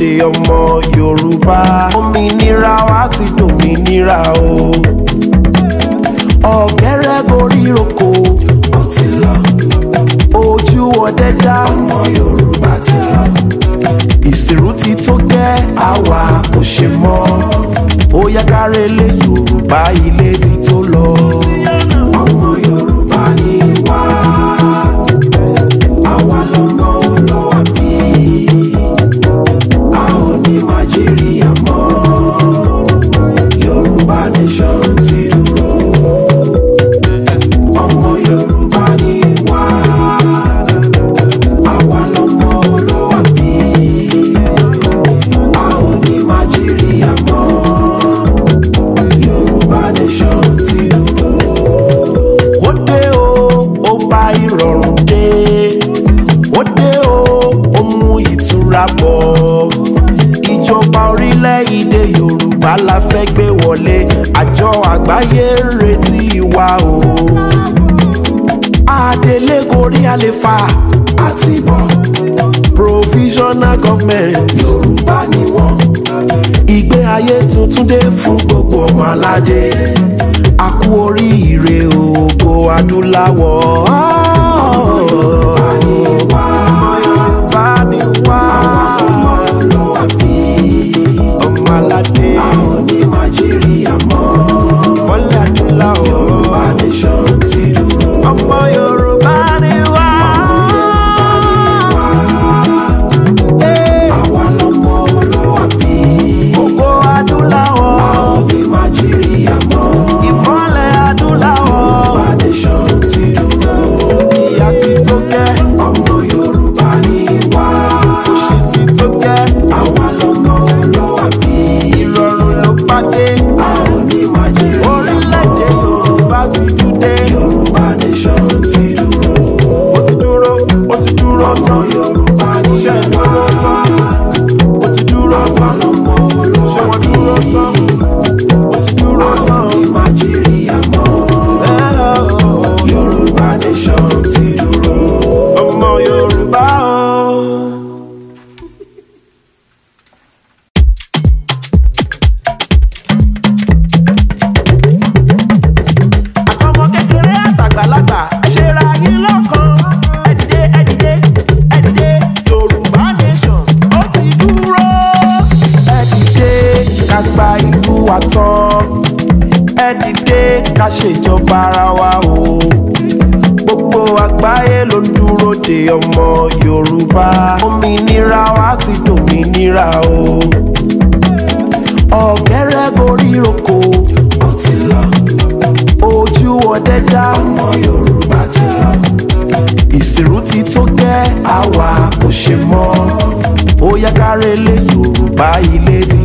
ṣe ọmọ Yorùbá òmìnira wa ti dòmìnira o ọ̀gẹ́rẹ́ gorí roko ó ti lọ ojú ọdẹ dá ọmọ Yorùbá ti lọ ìsìnrú ti tó gẹ́ àwa kò ṣe mọ́ ó yá kárẹ́lẹ̀ Yorùbá ilé ti tó lọ. ni wàá wọlé àjọ àgbáyé retí wa o. adelé alefa àlefa àtibọ̀ provisional government yorùbá ni wọ́n. ìgbé ayé tuntun dé fún gbogbo ọmọ aládé a oríire ògo adúláwọ̀. Ah! ṣèjọba ara wa o gbogbo àgbáyé ló ń dúró de ọmọ Yorùbá òmìnira wa ti dòmìnira o ọ̀gẹ́rẹ́ borí roko ó ti lọ ojú ọdẹ dá ọmọ Yorùbá ti lọ ìsìnrú ti tó gẹ́ àwa kò ṣe mọ́ ó yá kárẹ́lẹ̀ Yorùbá ilé ti.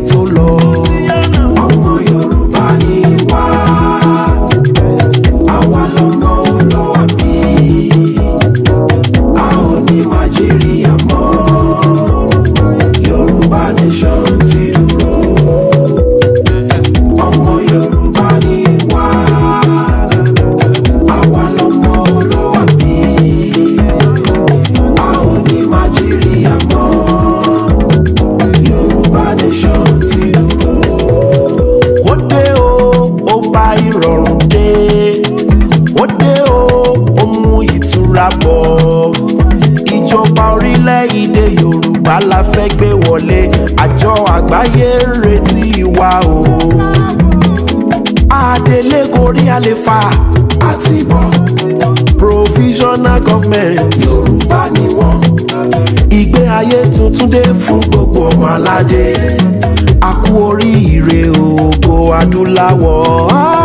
ìrọ̀rùn dé ó dé o ó mú ìtura bọ̀ ìjọba orílẹ̀-èdè Yorùbá la fẹ́ gbé wọlé àjọ àgbáyé retí wa o Adele gorí àlefa àti bọ̀ provisional government Yorùbá ni wọ́n ìgbé ayé tuntun dé fún gbogbo ọmọ aládé a kú oríire ògo adúláwọ̀. Ah!